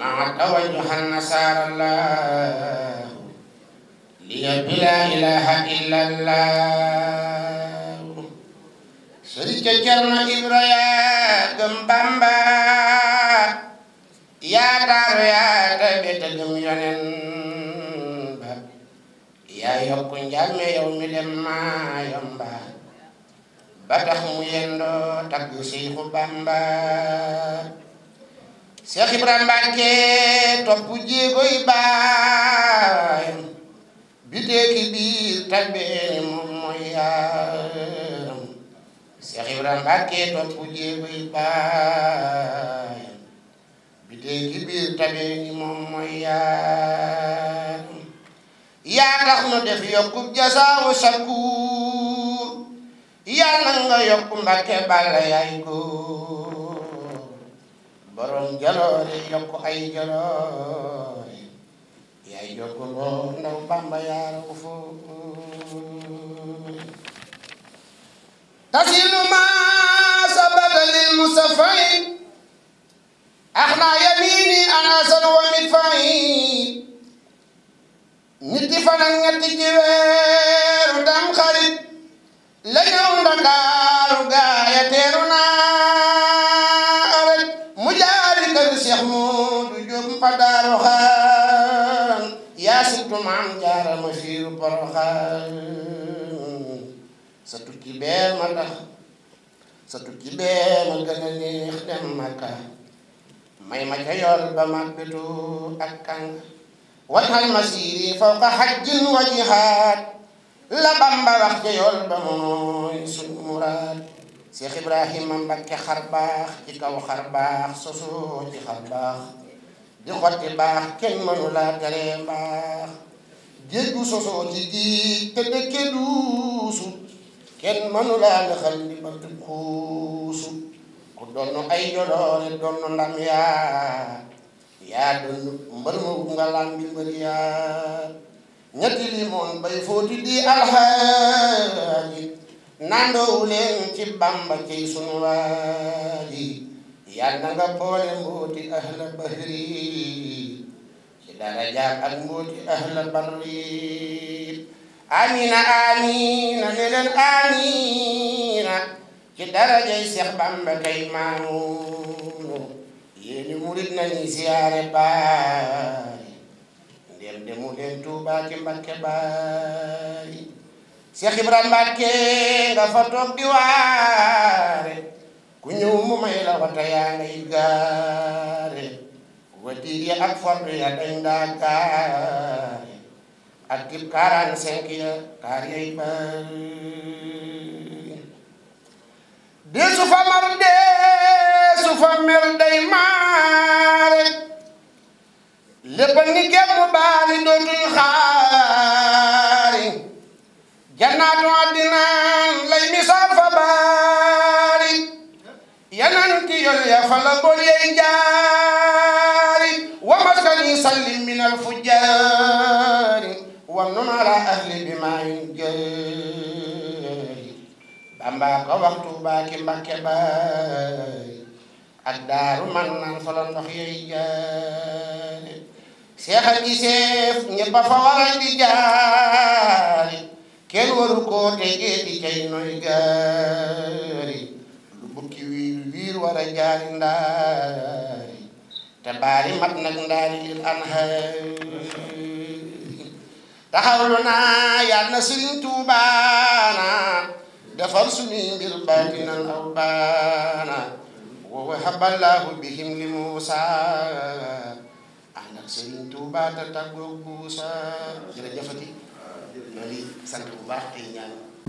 معد وجه النصارى الله لي بلا إله إلا الله شريك جرم إبرايا دم بامبا يا دار يا دبيت دم يونين يا يوكن جامع يوم لما يومبا ba tax mu yendoo tagg Seexu Bamba Cheikh Ibrahima Mbacke topp jéego baay bi déeki biir moom mooy yaaram Cheikh Ibrahima Mbacke topp jéego baay bi déeki biir moom mooy yaaram yaa tax nu def yokku jasaawu sakku yàlla nga yokku Mbacke bala yaay góor jaloore ko foofu tasilu ma sabata lil musafain axna yamini anasan wa mitfain ñetti fan ak ñetti ci weeru tam xarit la ci bee ma tax sa tukki bee ma gën a neex dem Makka may ma ca yool ba màgbitu ak kàng watal masiri fawqa hajjin wa la Bamba wax ca yool ba mooy suñ muraad Cheikh Ibrahima Mbakke xar baax ci kaw xar baax sosoo ci xar baax di xotti baax kenn mënu laa tere baax géej sosoo ci géej te dëkke duusu kenn mënulaa nga xal di bant kuusu ku donn ay joloore donn ndam yaa yaa donn mbër ma bu nga làmbi mbër yaa ñetti limoon bay fóoti di alxaaji nandoowu ci bàmba ciy sunu waaji yàlla nga boole mbooti ahla bahri ci dara jaar ak ahla barri amina amina ne leen amina ci darajay Seex Bamba kay maamu yéeni murit nañu siyaare baay ndem demu leen Tuuba ki Mbakke baay Seex Ibra Mbakke nga fa toog waare ku ñëw mu may la wata yaa ngay gaare watiir ya ak fort ya dañ daa gaare active 45 ya kariyai ban desu fa mar fa mer maare lépp ni gépp baari dootul xaari jannaatu addinaan lay misaal fa baari yananti yol ya fa la bor jaari wa maskani sallim min al fujjaar wamnun ala ahli bi maa yuñ jëri ko wax Tuuba ki Mbakke baay man naan solo ndox yooyu jaari seexal gi seef ñëpp a waral di jaari kenn waru koo tegee di cay noy gaari lu bukki wiir wiir war jaari ndaari te baari mat nag ndaari lil anhaari taxawlu naa yàlla na Sëriñ Tuubaana defar suñuy mbir baatinal aw baana wa wahaballahu li Muusa ànd ak Sëriñ Tuubaa te tàggoo Buusa jërëjëfati ñoo ngi sant bu baax